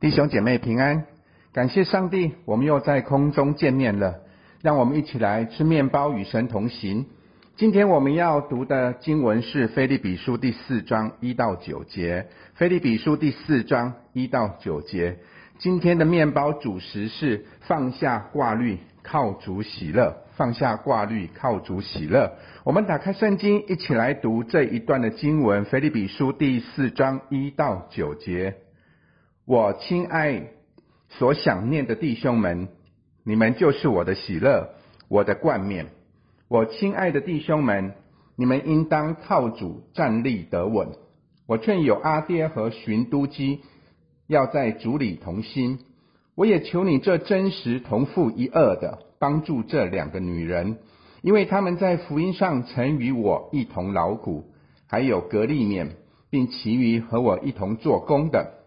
弟兄姐妹平安，感謝上帝，我們又在空中見面了。讓我們一起來吃面包，與神同行。今天我們要讀的經文是《腓立比書》第四章一到九節。《腓立比書》第四章一到九節。今天的面包主食是放下掛慮，靠主喜樂。放下掛慮，靠主喜樂。我們打開聖經，一起來讀這一段的經文，《腓立比書》第四章一到九節。我親愛、所想念的弟兄們，你們就是我的喜樂、我的冠冕。我親愛的弟兄們，你們應當靠主站立得穩。我勸友阿爹和循都基要在主裡同心。我也求你這真實同負一軛的幫助這兩個女人，因為他們在福音上曾與我一同勞苦，還有革利免，並其餘和我一同做工的。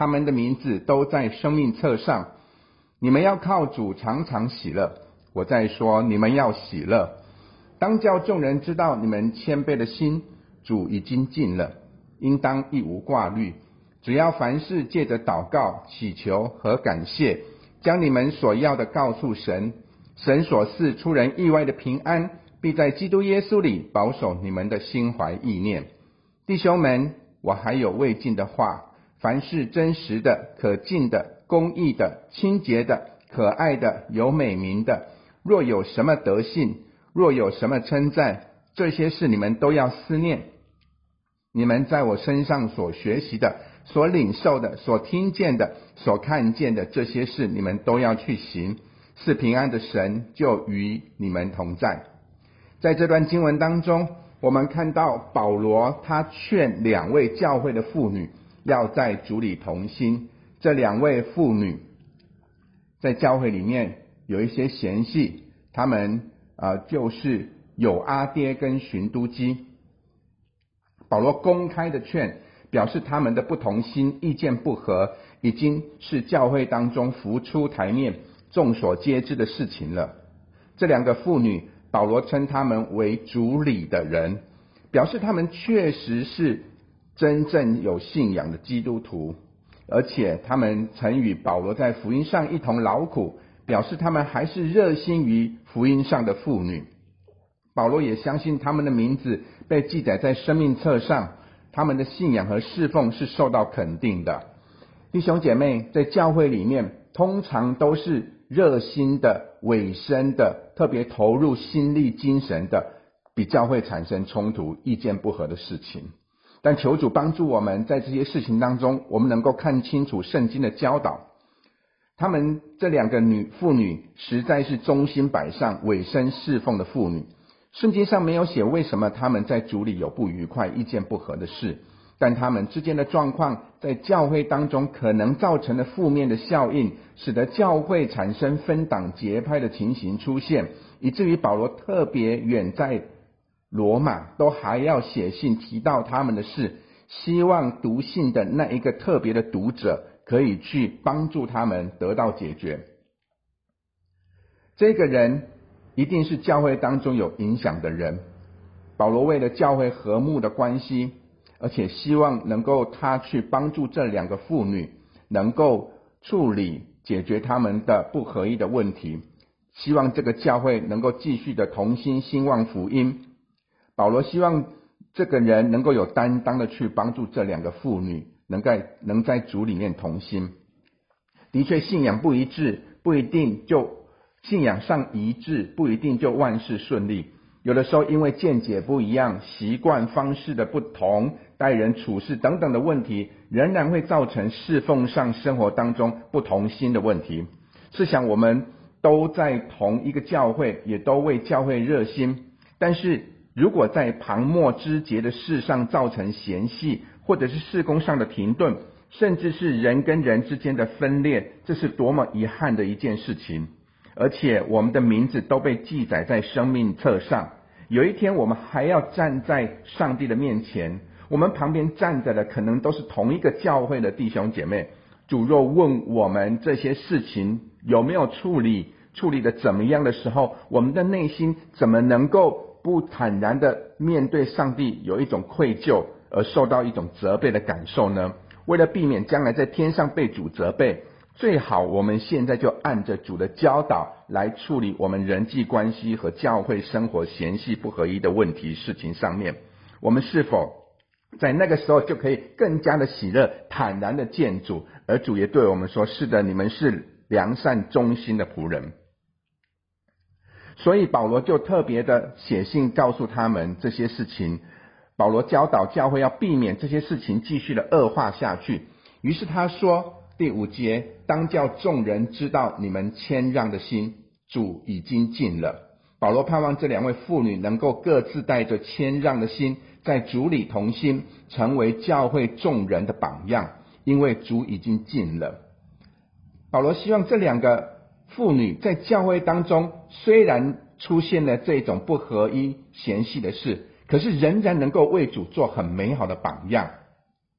他們的名字都在生命冊上。你們要靠主常常喜樂。我再說，你們要喜樂。當叫眾人知道你們謙卑的心，主已經近了，應當一無掛慮。只要凡事借着禱告、祈求和感謝，將你們所要的告訴神。神所賜出人意外的平安，必在基督耶穌裡保守你們的心懷意念。弟兄們，我還有未盡的話。凡是真實的、可敬的、公義的、清潔的、可愛的、有美名的，若有什麼德性，若有什麼稱讚，這些事你們都要思念。你們在我身上所學習的、所領受的、所聽見的、所看見的這些事，你們都要去行。是平安的神就與你們同在。在這段經文當中，我們看到保羅他勸兩位教會的婦女。要在主裡同心。這兩位婦女在教會裡面有一些嫌隙，他們呃就是友阿爹跟循都基。保羅公開的勸，表示他們的不同心、意見不合，已經是教會當中浮出台面、眾所皆知的事情了。這兩個婦女，保羅稱他們為主裡的人，表示他們確實是。真正有信仰的基督徒，而且他們曾與保羅在福音上一同勞苦，表示他們還是熱心於福音上的婦女。保羅也相信他們的名字被記載在生命冊上，他們的信仰和侍奉是受到肯定的。弟兄姐妹，在教會裡面，通常都是熱心的、委身的，特別投入心力、精神的，比較會產生衝突、意見不合的事情。但求主幫助我們，在這些事情當中，我們能夠看清楚聖經的教導。他們這兩個女婦女，實在是忠心、擺上、委身侍奉的婦女。聖經上沒有寫為什麼他們在主裡有不愉快、意見不合的事，但他們之間的狀況，在教會當中可能造成了負面的效應，使得教會產生分黨結派的情形出現，以至於保羅特別遠在。羅馬都還要寫信提到他們的事，希望讀信的那一個特別的讀者可以去幫助他們得到解決。這個人一定是教會當中有影響的人。保羅為了教會和睦的關係，而且希望能夠他去幫助這兩個婦女，能夠處理解決他們的不合一的問題，希望這個教會能夠繼續的同心興旺福音。保羅希望這個人能夠有擔當的去幫助這兩個婦女，能在能在主裡面同心。的確，信仰不一致，不一定就信仰上一致，不一定就萬事順利。有的時候，因為見解不一樣、習慣方式的不同、待人處事等等的問題，仍然會造成侍奉上、生活當中不同心的問題。試想，我們都在同一個教會，也都為教會熱心，但是。如果在旁枝末節的事上造成嫌隙，或者是事工上的停頓，甚至是人跟人之間的分裂，這是多麼遺憾的一件事情！而且我們的名字都被記載在生命冊上，有一天我們還要站在上帝的面前，我們旁邊站着的可能都是同一個教會的弟兄姐妹。主若問我們這些事情有沒有處理，處理得怎麼樣的時候，我們的內心怎麼能夠？不坦然的面對上帝，有一種愧疚而受到一種責備的感受呢？為了避免將來在天上被主責備，最好我們現在就按着主的教導來處理我們人際關係和教會生活嫌隙不合一的問題事情上面，我們是否在那個時候就可以更加的喜樂，坦然的見主？而主也對我們說：“是的，你們是良善忠心的僕人。”所以保羅就特別的寫信告訴他們這些事情。保羅教導教會要避免這些事情繼續的惡化下去。於是他說，第五節，當叫眾人知道你們謙讓的心，主已經近了。保羅盼望這兩位婦女能夠各自帶着謙讓的心，在主裡同心，成為教會眾人的榜樣，因為主已經近了。保羅希望這兩個。婦女在教會當中，雖然出現了這種不合一、嫌隙的事，可是仍然能夠為主做很美好的榜樣。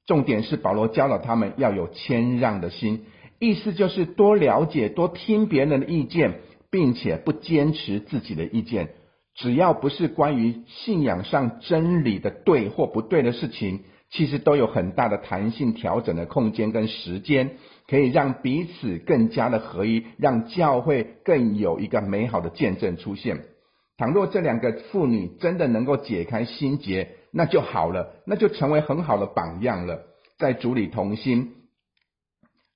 重點是保羅教導他們要有謙讓的心，意思就是多了解、多聽別人的意見，並且不堅持自己的意見。只要不是關於信仰上真理的對或不對的事情。其實都有很大的彈性調整的空間跟時間，可以讓彼此更加的合一，讓教會更有一個美好的見證出現。倘若這兩個婦女真的能夠解開心結，那就好了，那就成為很好的榜樣了，在主裡同心。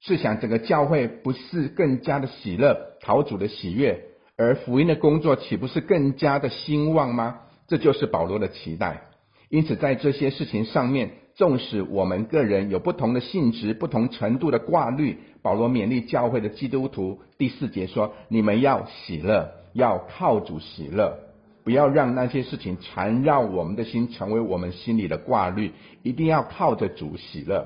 試想，整個教會不是更加的喜樂，討主的喜悅，而福音的工作豈不是更加的興旺嗎？這就是保羅的期待。因此，在這些事情上面。縱使我們個人有不同的性質、不同程度的掛慮，保羅勉勵教會的基督徒第四節說：“你們要喜樂，要靠主喜樂，不要讓那些事情纏繞我們的心，成為我們心裡的掛慮，一定要靠着主喜樂。”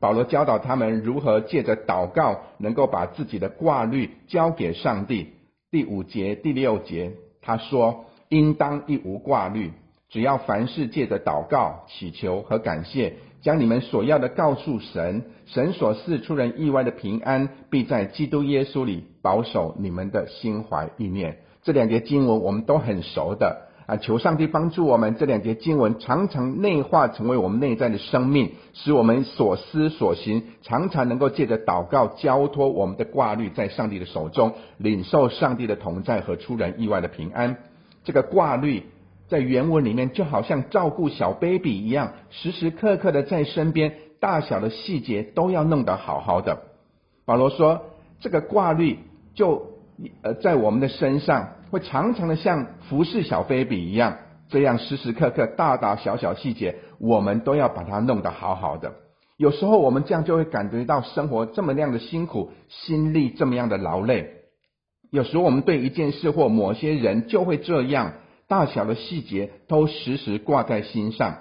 保羅教導他們如何借着禱告，能夠把自己的掛慮交給上帝。第五節、第六節他說：“應當一無掛慮。”只要凡事借着禱告、祈求和感謝，將你們所要的告訴神，神所賜出人意外的平安，必在基督耶穌裡保守你們的心懷意念。這兩節經文我們都很熟的啊！求上帝幫助我們，這兩節經文常常內化成為我們內在的生命，使我們所思所行常常能夠借着禱告交托我們的掛慮在上帝的手中，領受上帝的同在和出人意外的平安。這個掛慮。在原文裡面，就好像照顧小 baby 一樣，時時刻刻的在身邊，大小的細節都要弄得好好的。保羅說，這個掛慮就呃在我們的身上，會常常的像服侍小 baby 一樣，這樣時時刻刻，大大小小細節，我們都要把它弄得好好的。有時候我們這樣就會感覺到生活這麼樣的辛苦，心力這麼樣的勞累。有時候我們對一件事或某些人，就會這樣。大小的細節都時時掛在心上。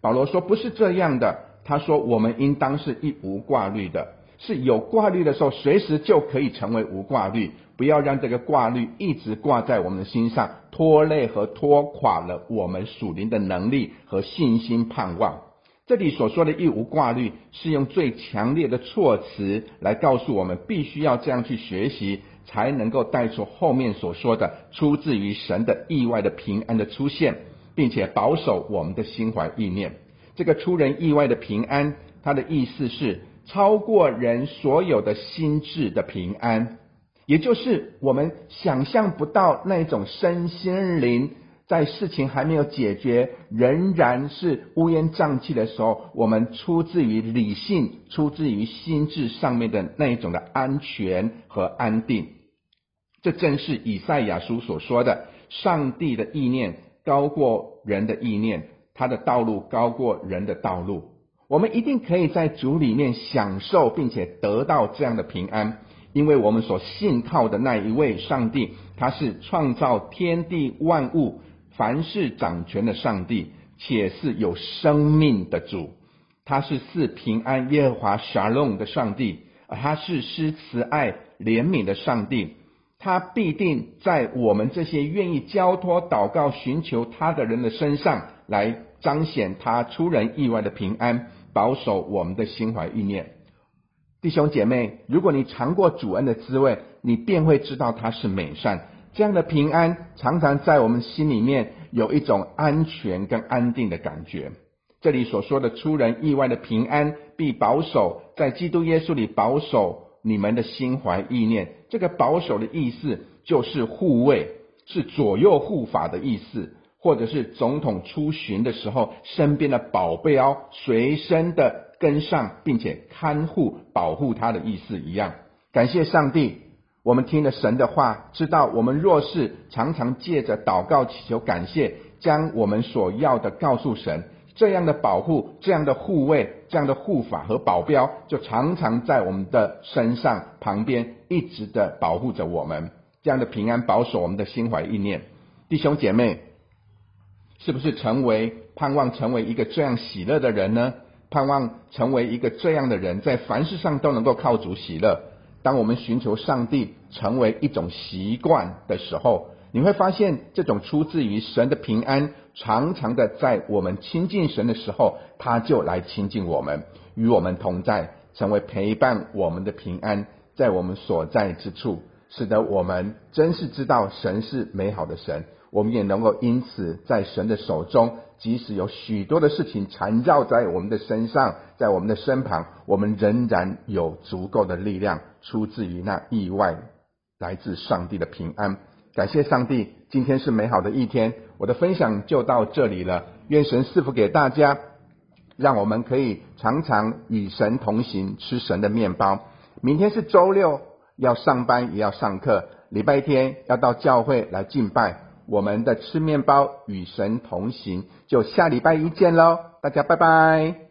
保羅說：“不是這樣的。”他說：“我們應當是一無掛慮的，是有掛慮的時候，隨時就可以成為無掛慮。不要讓這個掛慮一直掛在我們的心上，拖累和拖垮了我們屬靈的能力和信心盼望。”這裡所說的“一無掛慮”，是用最強烈的措辭來告訴我們，必須要這樣去學習。才能夠帶出後面所說的出自於神的意外的平安的出現，並且保守我們的心懷意念。這個出人意外的平安，它的意思是超過人所有的心智的平安，也就是我們想象不到那種身心靈在事情還沒有解決，仍然是烏煙瘴氣的時候，我們出自於理性、出自於心智上面的那一種的安全和安定。這正是以賽亞書所說的：“上帝的意念高過人的意念，他的道路高過人的道路。”我們一定可以在主裡面享受，並且得到這樣的平安，因為我們所信靠的那一位上帝，他是創造天地萬物、凡事掌權的上帝，且是有生命的主。他是賜平安、耶和華沙龍的上帝，而他是施慈愛、憐憫的上帝。他必定在我們這些願意交托、禱告、尋求他的人的身上，來彰顯他出人意外的平安，保守我們的心懷意念。弟兄姐妹，如果你嘗過主恩的滋味，你便會知道他是美善。這樣的平安，常常在我們心裡面有一種安全跟安定的感覺。這裡所說的出人意外的平安，必保守在基督耶穌裡，保守你們的心懷意念。這個保守的意思就是護衛，是左右護法的意思，或者是總統出巡的時候身邊的保鑣，隨身的跟上，並且看護、保護他的意思一樣。感謝上帝，我們聽了神的話，知道我們若是常常借着禱告祈求感謝，將我們所要的告訴神，這樣的保護，這樣的護衛。這樣的護法和保鏢，就常常在我們的身上旁邊，一直的保護着我們。這樣的平安保守，我們的心懷意念。弟兄姐妹，是不是成為盼望成為一個這樣喜樂的人呢？盼望成為一個這樣的人，在凡事上都能夠靠主喜樂。當我們尋求上帝成為一種習慣的時候，你會發現，這種出自於神的平安，常常的在我們親近神的時候，他就來親近我們，與我們同在，成為陪伴我們的平安，在我們所在之處，使得我們真是知道神是美好的神。我們也能夠因此在神的手中，即使有許多的事情纏繞在我們的身上，在我們的身旁，我們仍然有足夠的力量，出自於那意外，來自上帝的平安。感謝上帝，今天是美好的一天。我的分享就到這裡了，願神賜福給大家，讓我們可以常常與神同行，吃神的麵包。明天是週六，要上班也要上課，禮拜天要到教會來敬拜。我們的吃麵包與神同行，就下禮拜一見嘍，大家拜拜。